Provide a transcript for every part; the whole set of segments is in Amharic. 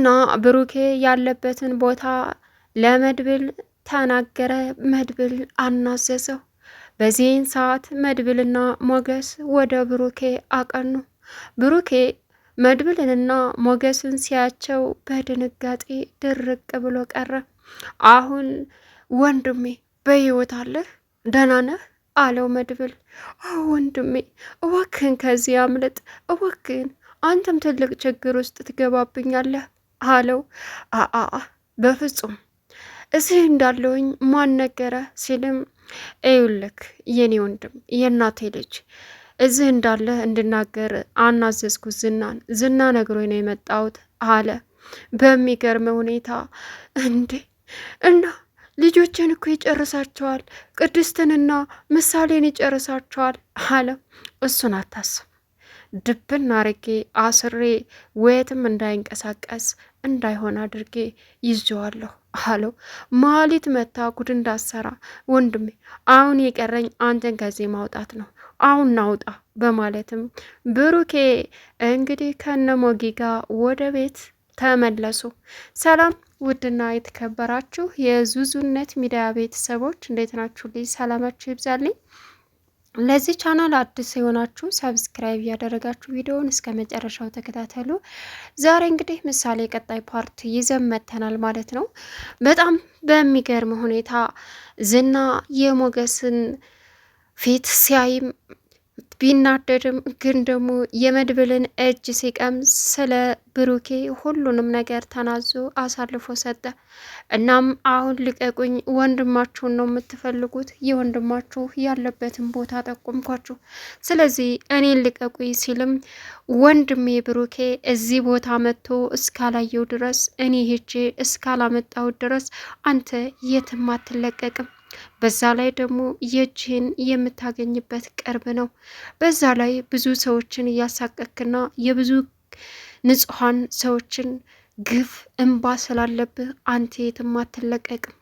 ዝና ብሩኬ ያለበትን ቦታ ለመድብል ተናገረ። መድብል አናዘዘው። በዚህን ሰዓት መድብልና ሞገስ ወደ ብሩኬ አቀኑ። ብሩኬ መድብልንና ሞገስን ሲያቸው በድንጋጤ ድርቅ ብሎ ቀረ። አሁን ወንድሜ በሕይወት አለህ? ደህና ነህ? አለው መድብል። አዎ ወንድሜ፣ እባክህን ከዚህ አምልጥ፣ እባክህን አንተም ትልቅ ችግር ውስጥ ትገባብኛለህ አለው። አአ በፍጹም እዚህ እንዳለውኝ ማን ነገረ ሲልም ኤውልክ የኔ ወንድም የእናቴ ልጅ እዚህ እንዳለ እንድናገር አናዘዝኩ ዝናን ዝና ነግሮኝ ነው የመጣሁት አለ በሚገርም ሁኔታ እንዴ እና ልጆችን እኮ ይጨርሳቸዋል ቅድስትንና ምሳሌን ይጨርሳቸዋል አለ እሱን አታስብ ድብን አርጌ አስሬ ወየትም እንዳይንቀሳቀስ እንዳይሆን አድርጌ ይዤዋለሁ አለው። ማሊት መታ ጉድ እንዳሰራ ወንድሜ፣ አሁን የቀረኝ አንተን ከዚህ ማውጣት ነው፣ አሁን ናውጣ በማለትም ብሩኬ እንግዲህ ከነሞጊ ጋር ወደ ቤት ተመለሱ። ሰላም ውድና የተከበራችሁ የዙዙነት ሚዲያ ቤተሰቦች እንዴት ናችሁ? ልጅ ሰላማችሁ ይብዛልኝ። ለዚህ ቻናል አዲስ የሆናችሁ ሰብስክራይብ ያደረጋችሁ ቪዲዮውን እስከ መጨረሻው ተከታተሉ። ዛሬ እንግዲህ ምሳሌ ቀጣይ ፓርት ይዘን መጥተናል ማለት ነው። በጣም በሚገርም ሁኔታ ዝና የሞገስን ፊት ሲያይም ቢናደድም ግን ደግሞ የመድብልን እጅ ሲቀም ስለ ብሩኬ ሁሉንም ነገር ተናዞ አሳልፎ ሰጠ። እናም አሁን ልቀቁኝ፣ ወንድማችሁን ነው የምትፈልጉት፣ የወንድማችሁ ያለበትን ቦታ ጠቁምኳችሁ፣ ስለዚህ እኔን ልቀቁኝ ሲልም ወንድሜ ብሩኬ እዚህ ቦታ መጥቶ እስካላየው ድረስ እኔ ሄጄ እስካላመጣው ድረስ አንተ የትም አትለቀቅም በዛ ላይ ደግሞ የእጅህን የምታገኝበት ቅርብ ነው። በዛ ላይ ብዙ ሰዎችን እያሳቀክና የብዙ ንጹሐን ሰዎችን ግፍ እንባ ስላለብህ አንተ የትም አትለቀቅም።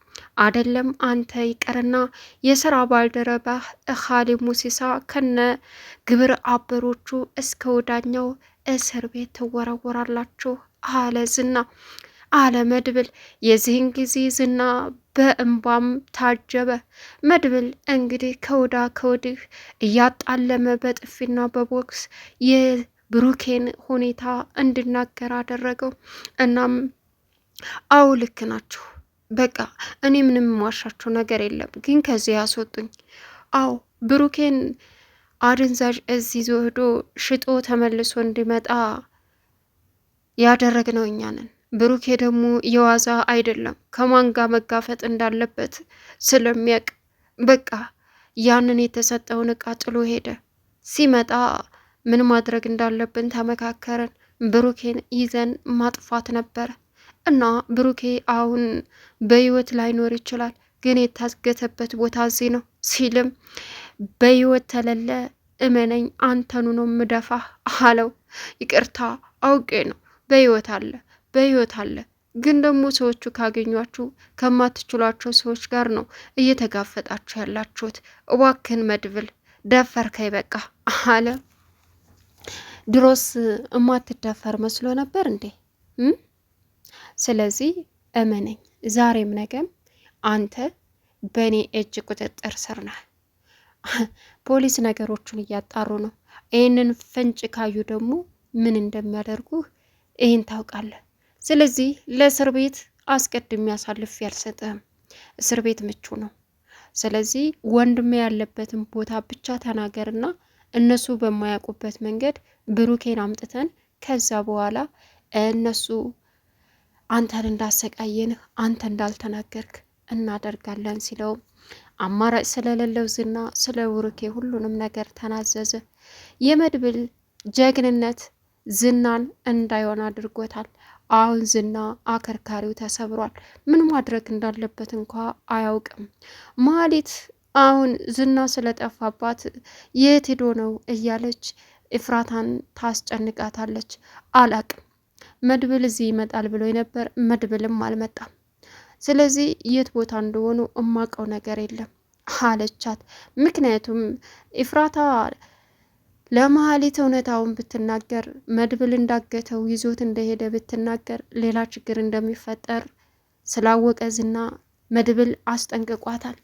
አደለም አንተ ይቀርና የስራ ባልደረባህ ኻሊብ ሙሲሳ ከነ ግብር አበሮቹ እስከ ወዳኛው እስር ቤት ትወረወራላችሁ አለ ዝና አለ መድብል። የዚህን ጊዜ ዝና በእንባም ታጀበ። መድብል እንግዲህ ከወዳ ከወዲህ እያጣለመ በጥፊና በቦክስ የብሩኬን ሁኔታ እንድናገር አደረገው። እናም አው ልክ ናችሁ፣ በቃ እኔ ምንም ማሻችሁ ነገር የለም፣ ግን ከዚህ ያስወጡኝ። አው ብሩኬን አደንዛዥ እዚህ ዘህዶ ሽጦ ተመልሶ እንዲመጣ ያደረግነው እኛ ነን። ብሩኬ ደግሞ የዋዛ አይደለም ከማን ጋር መጋፈጥ እንዳለበት ስለሚያቅ በቃ ያንን የተሰጠውን እቃ ጥሎ ሄደ። ሲመጣ ምን ማድረግ እንዳለብን ተመካከረን። ብሩኬን ይዘን ማጥፋት ነበረ እና ብሩኬ አሁን በህይወት ላይኖር ይችላል፣ ግን የታገተበት ቦታ እዚህ ነው ሲልም በህይወት ተለለ እመነኝ፣ አንተኑ ነው ምደፋህ አለው። ይቅርታ አውቄ ነው በህይወት አለ በህይወት አለ። ግን ደግሞ ሰዎቹ ካገኟችሁ ከማትችሏቸው ሰዎች ጋር ነው እየተጋፈጣችሁ ያላችሁት። እባክህን መድብል ደፈርከኝ በቃ አለ። ድሮስ እማትደፈር መስሎ ነበር እንዴ? ስለዚህ እመነኝ፣ ዛሬም ነገም አንተ በእኔ እጅ ቁጥጥር ስር ነህ። ፖሊስ ነገሮቹን እያጣሩ ነው። ይህንን ፍንጭ ካዩ ደግሞ ምን እንደሚያደርጉህ ይህን ታውቃለህ። ስለዚህ ለእስር ቤት አስቀድሜ አሳልፌ አልሰጠህም። እስር ቤት ምቹ ነው። ስለዚህ ወንድሜ ያለበትን ቦታ ብቻ ተናገርና እነሱ በማያውቁበት መንገድ ብሩኬን አምጥተን ከዛ በኋላ እነሱ አንተን እንዳሰቃየንህ አንተ እንዳልተናገርክ እናደርጋለን ሲለው አማራጭ ስለሌለው ዝና ስለ ብሩኬ ሁሉንም ነገር ተናዘዘ። የመድብል ጀግንነት ዝናን እንዳይሆን አድርጎታል። አሁን ዝና አከርካሪው ተሰብሯል። ምን ማድረግ እንዳለበት እንኳ አያውቅም። ማህሌት አሁን ዝና ስለጠፋባት የት ሄዶ ነው እያለች ኢፍራታን ታስጨንቃታለች። አላቅም መድብል እዚህ ይመጣል ብሎ ነበር፣ መድብልም አልመጣም። ስለዚህ የት ቦታ እንደሆኑ እማቀው ነገር የለም አለቻት። ምክንያቱም ኢፍራታ ለመሀሌት እውነታውን ብትናገር መድብል እንዳገተው ይዞት እንደሄደ ብትናገር ሌላ ችግር እንደሚፈጠር ስላወቀ ዝና መድብል አስጠንቅቋታል።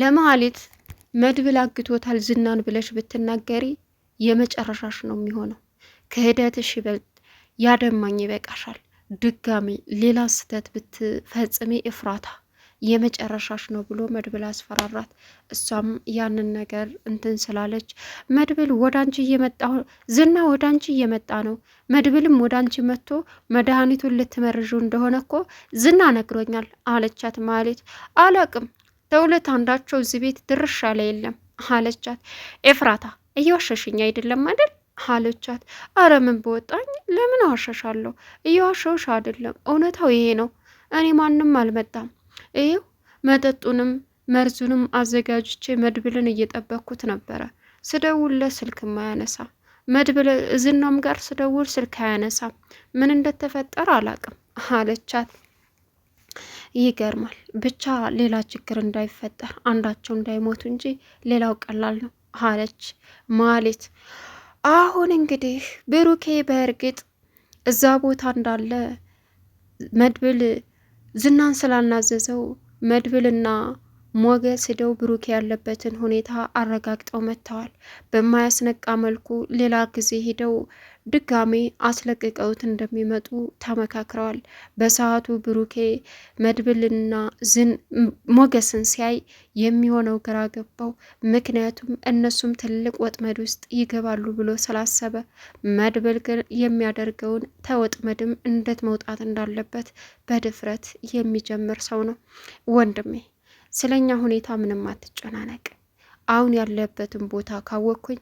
ለመሀሊት መድብል አግቶታል ዝናን ብለሽ ብትናገሪ የመጨረሻሽ ነው የሚሆነው። ክህደትሽ ይበልጥ ያደማኝ ይበቃሻል። ድጋሚ ሌላ ስህተት ብትፈጽሜ እፍራታ የመጨረሻሽ ነው ብሎ መድብል አስፈራራት። እሷም ያንን ነገር እንትን ስላለች መድብል ወደ አንቺ እየመጣ ዝና ወደ አንቺ እየመጣ ነው፣ መድብልም ወደ አንቺ መጥቶ መድኃኒቱን ልትመርዡ እንደሆነ እኮ ዝና ነግሮኛል አለቻት። ማለት አላቅም ተውለት አንዳቸው እዚህ ቤት ድርሻ ላይ የለም አለቻት። ኤፍራታ እየዋሸሽኝ አይደለም አይደል አለቻት። አረ ምን በወጣኝ ለምን አዋሸሻለሁ? እየዋሸውሽ አይደለም እውነታው ይሄ ነው። እኔ ማንም አልመጣም ይኸው መጠጡንም መርዙንም አዘጋጅቼ መድብልን እየጠበቅኩት ነበረ። ስደውል ለስልክ አያነሳ፣ መድብል ዝናም ጋር ስደውል ስልክ አያነሳ ምን እንደተፈጠረ አላቅም አለቻት። ይገርማል። ብቻ ሌላ ችግር እንዳይፈጠር አንዳቸው እንዳይሞቱ እንጂ ሌላው ቀላል ነው አለች ማለት። አሁን እንግዲህ ብሩኬ በእርግጥ እዛ ቦታ እንዳለ መድብል ዝናን ስላናዘዘው መድብልና ሞገስ ሄደው ብሩክ ያለበትን ሁኔታ አረጋግጠው መጥተዋል። በማያስነቃ መልኩ ሌላ ጊዜ ሄደው ድጋሜ አስለቅቀውት እንደሚመጡ ተመካክረዋል። በሰዓቱ ብሩኬ መድብልና ዝን ሞገስን ሲያይ የሚሆነው ግራ ገባው። ምክንያቱም እነሱም ትልቅ ወጥመድ ውስጥ ይገባሉ ብሎ ስላሰበ፣ መድብል ግን የሚያደርገውን ተወጥመድም እንዴት መውጣት እንዳለበት በድፍረት የሚጀምር ሰው ነው። ወንድሜ ስለኛ ሁኔታ ምንም አትጨናነቅ። አሁን ያለበትን ቦታ ካወቅኩኝ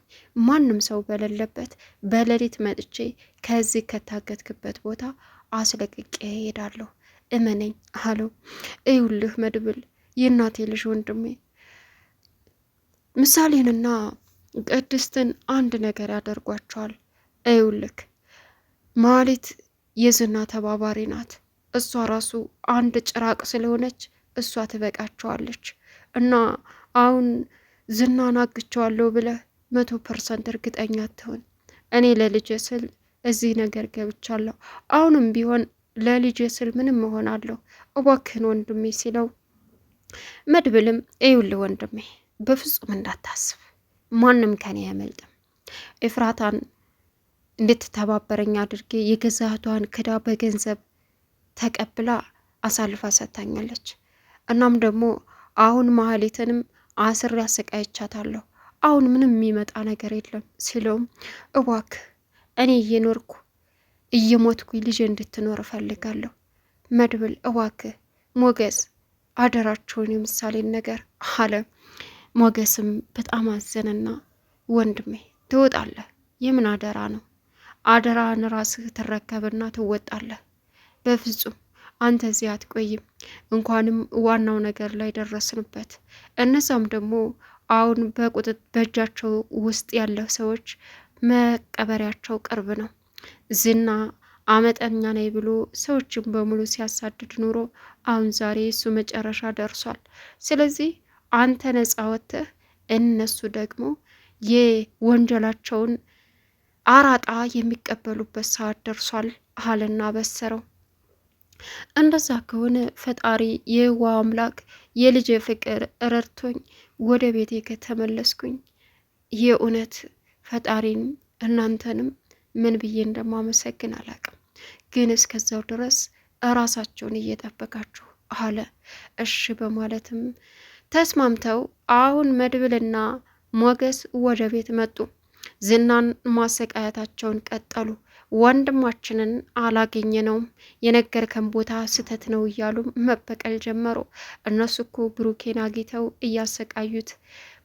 ማንም ሰው በሌለበት በሌሊት መጥቼ ከዚህ ከታገትክበት ቦታ አስለቅቄ እሄዳለሁ። እመነኝ አለው። እዩልህ መድብል፣ የእናቴ ልጅ ወንድሜ ምሳሌንና ቅድስትን አንድ ነገር ያደርጓቸዋል። እዩልክ ማለት የዝና ተባባሪ ናት። እሷ ራሱ አንድ ጭራቅ ስለሆነች እሷ ትበቃቸዋለች እና አሁን ዝናን አግቸዋለሁ ብለህ መቶ ፐርሰንት እርግጠኛ አትሆን። እኔ ለልጅ ስል እዚህ ነገር ገብቻለሁ። አሁንም ቢሆን ለልጅ ስል ምንም እሆናለሁ። እባክህን ወንድሜ ሲለው መድብልም ይኸውልህ ወንድሜ በፍጹም እንዳታስብ፣ ማንም ከኔ አያመልጥም። ኤፍራታን እንድትተባበረኝ አድርጌ የገዛቷን ክዳ በገንዘብ ተቀብላ አሳልፋ ሰጥታኛለች። እናም ደግሞ አሁን ማህሌትንም አስር ያሰቃይቻታለሁ። አሁን ምንም የሚመጣ ነገር የለም ሲለውም እባክህ እኔ እየኖርኩ እየሞትኩ ልጅ እንድትኖር እፈልጋለሁ። መድብል እባክህ ሞገስ አደራቸውን የምሳሌን ነገር አለ። ሞገስም በጣም አዘነና ወንድሜ ትወጣለህ። የምን አደራ ነው? አደራን ራስህ ትረከብና ትወጣለህ። በፍጹም አንተ እዚህ አትቆይም። እንኳንም ዋናው ነገር ላይ ደረስንበት። እነዛም ደግሞ አሁን በቁጥጥ በእጃቸው ውስጥ ያለ ሰዎች መቀበሪያቸው ቅርብ ነው። ዝና አመጠኛ ነኝ ብሎ ሰዎችን በሙሉ ሲያሳድድ ኑሮ አሁን ዛሬ እሱ መጨረሻ ደርሷል። ስለዚህ አንተ ነጻ ወጥተህ እነሱ ደግሞ የወንጀላቸውን አራጣ የሚቀበሉበት ሰዓት ደርሷል አለና በሰረው እንደዛ ከሆነ ፈጣሪ የህዋ አምላክ የልጅ ፍቅር ረድቶኝ ወደ ቤቴ ከተመለስኩኝ የእውነት ፈጣሪን እናንተንም ምን ብዬ እንደማመሰግን አላውቅም። ግን እስከዛው ድረስ እራሳቸውን እየጠበቃችሁ አለ። እሺ በማለትም ተስማምተው አሁን መድብልና ሞገስ ወደ ቤት መጡ። ዝናን ማሰቃየታቸውን ቀጠሉ። ወንድማችንን አላገኘ ነውም የነገርከን ቦታ ስህተት ነው እያሉ መበቀል ጀመሩ። እነሱ እኮ ብሩኬን አግኝተው እያሰቃዩት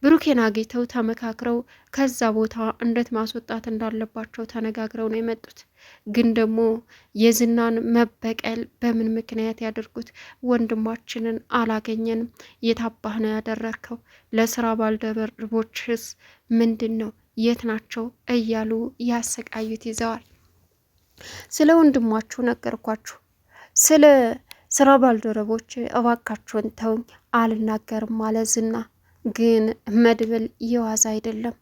ብሩኬን አግኝተው ተመካክረው ከዛ ቦታ እንዴት ማስወጣት እንዳለባቸው ተነጋግረው ነው የመጡት። ግን ደግሞ የዝናን መበቀል በምን ምክንያት ያደርጉት? ወንድማችንን አላገኘንም፣ የታባህ ነው ያደረግከው? ለስራ ባልደረቦችስ ምንድን ነው የት ናቸው እያሉ ያሰቃዩት ይዘዋል። ስለ ወንድማችሁ ነገርኳችሁ። ስለ ስራ ባልደረቦች እባካችሁን ተውኝ፣ አልናገርም አለ ዝና። ግን መድብል የዋዛ አይደለም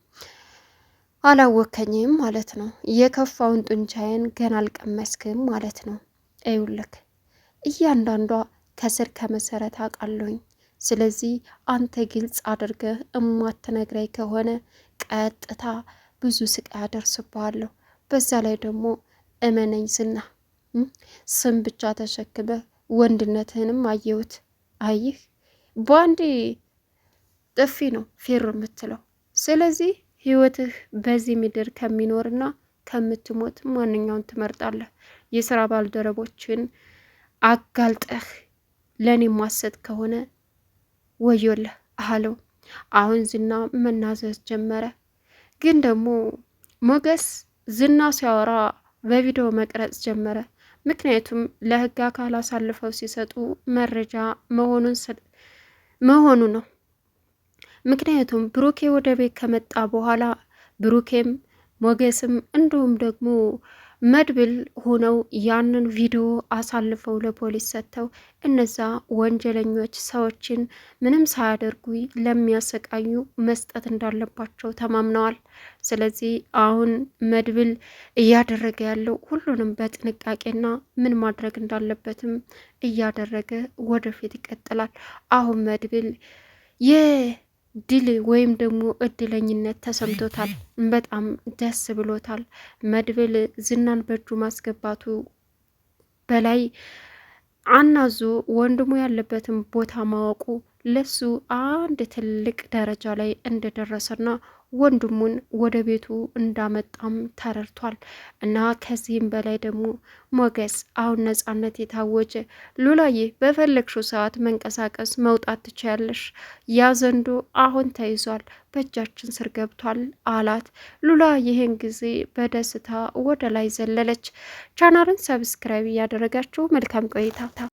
አላወከኝም ማለት ነው። የከፋውን ጡንቻዬን ገና አልቀመስክም ማለት ነው። እዩልክ እያንዳንዷ ከስር ከመሰረት አውቃለሁኝ። ስለዚህ አንተ ግልጽ አድርገህ እማትነግረኝ ከሆነ ቀጥታ ብዙ ስቃይ አደርስብሃለሁ። በዛ ላይ ደግሞ እመነኝ ስና ስም ብቻ ተሸክመ ወንድነትህንም አየሁት። አይህ በአንድ ጥፊ ነው ፌሮ የምትለው። ስለዚህ ህይወትህ በዚህ ምድር ከሚኖርና ከምትሞት ማንኛውን ትመርጣለህ? የስራ ባልደረቦችን አጋልጠህ ለእኔ ማሰጥ ከሆነ ወዮለህ አለው። አሁን ዝና መናዘዝ ጀመረ። ግን ደግሞ ሞገስ ዝና ሲያወራ በቪዲዮ መቅረጽ ጀመረ። ምክንያቱም ለህግ አካል አሳልፈው ሲሰጡ መረጃ መሆኑ ነው። ምክንያቱም ብሩኬ ወደ ቤት ከመጣ በኋላ ብሩኬም ሞገስም እንዲሁም ደግሞ መድብል ሆነው ያንን ቪዲዮ አሳልፈው ለፖሊስ ሰጥተው እነዛ ወንጀለኞች ሰዎችን ምንም ሳያደርጉ ለሚያሰቃዩ መስጠት እንዳለባቸው ተማምነዋል። ስለዚህ አሁን መድብል እያደረገ ያለው ሁሉንም በጥንቃቄና ምን ማድረግ እንዳለበትም እያደረገ ወደፊት ይቀጥላል። አሁን መድብል የድል ወይም ደግሞ እድለኝነት ተሰምቶታል። በጣም ደስ ብሎታል። መድብል ዝናን በእጁ ማስገባቱ በላይ አናዞ ወንድሙ ያለበትን ቦታ ማወቁ ለሱ አንድ ትልቅ ደረጃ ላይ እንደደረሰና ወንድሙን ወደ ቤቱ እንዳመጣም ተረድቷል። እና ከዚህም በላይ ደግሞ ሞገስ አሁን ነጻነት የታወጀ ሉላዬ፣ በፈለግሽው ሰዓት መንቀሳቀስ መውጣት ትችያለሽ፣ ያ ዘንዶ አሁን ተይዟል፣ በእጃችን ስር ገብቷል አላት። ሉላ ይህን ጊዜ በደስታ ወደ ላይ ዘለለች። ቻናሉን ሰብስክራይብ እያደረጋችሁ መልካም ቆይታ